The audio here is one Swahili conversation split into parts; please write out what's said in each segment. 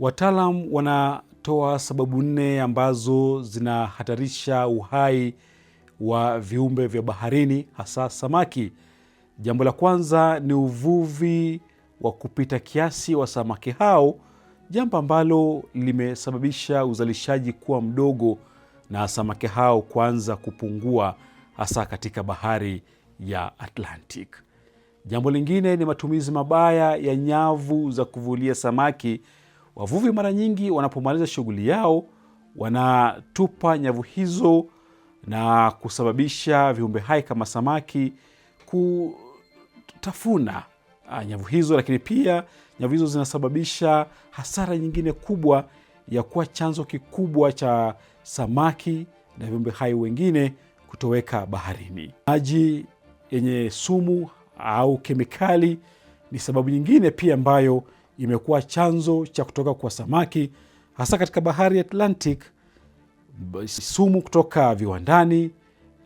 Wataalam wanatoa sababu nne ambazo zinahatarisha uhai wa viumbe vya baharini hasa samaki. Jambo la kwanza ni uvuvi wa kupita kiasi wa samaki hao, jambo ambalo limesababisha uzalishaji kuwa mdogo na samaki hao kuanza kupungua hasa katika bahari ya Atlantic. Jambo lingine ni matumizi mabaya ya nyavu za kuvulia samaki Wavuvi mara nyingi wanapomaliza shughuli yao wanatupa nyavu hizo na kusababisha viumbe hai kama samaki kutafuna ah, nyavu hizo, lakini pia nyavu hizo zinasababisha hasara nyingine kubwa ya kuwa chanzo kikubwa cha samaki na viumbe hai wengine kutoweka baharini. Maji yenye sumu au kemikali ni sababu nyingine pia ambayo imekuwa chanzo cha kutoka kwa samaki hasa katika bahari ya Atlantic, sumu kutoka viwandani,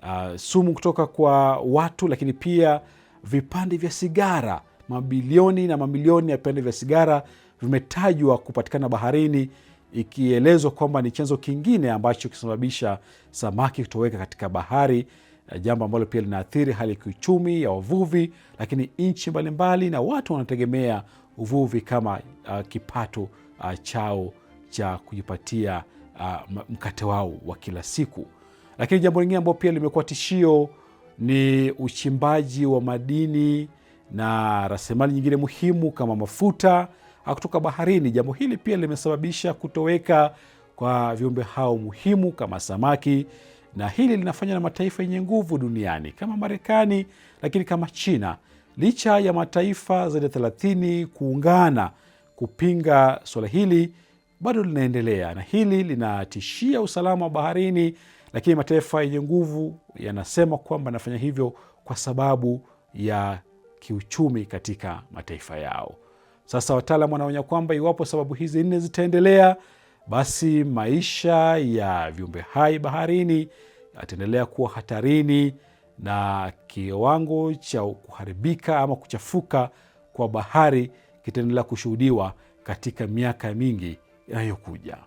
uh, sumu kutoka kwa watu, lakini pia vipande vya sigara. Mabilioni na mamilioni ya vipande vya sigara vimetajwa kupatikana baharini, ikielezwa kwamba ni chanzo kingine ambacho kisababisha samaki kutoweka katika bahari, uh, jambo ambalo pia linaathiri hali ya kiuchumi ya wavuvi, lakini nchi mbalimbali na watu wanategemea uvuvi kama uh, kipato uh, chao cha kujipatia uh, mkate wao wa kila siku. Lakini jambo lingine ambalo pia limekuwa tishio ni uchimbaji wa madini na rasilimali nyingine muhimu kama mafuta uh, kutoka baharini. Jambo hili pia limesababisha kutoweka kwa viumbe hao muhimu kama samaki, na hili linafanywa na mataifa yenye nguvu duniani kama Marekani, lakini kama China licha ya mataifa zaidi ya thelathini kuungana kupinga suala hili bado linaendelea, na hili linatishia usalama wa baharini, lakini mataifa yenye nguvu yanasema kwamba anafanya hivyo kwa sababu ya kiuchumi katika mataifa yao. Sasa wataalam wanaonya kwamba iwapo sababu hizi nne zitaendelea, basi maisha ya viumbe hai baharini yataendelea kuwa hatarini na kiwango cha kuharibika ama kuchafuka kwa bahari kitaendelea kushuhudiwa katika miaka mingi inayokuja.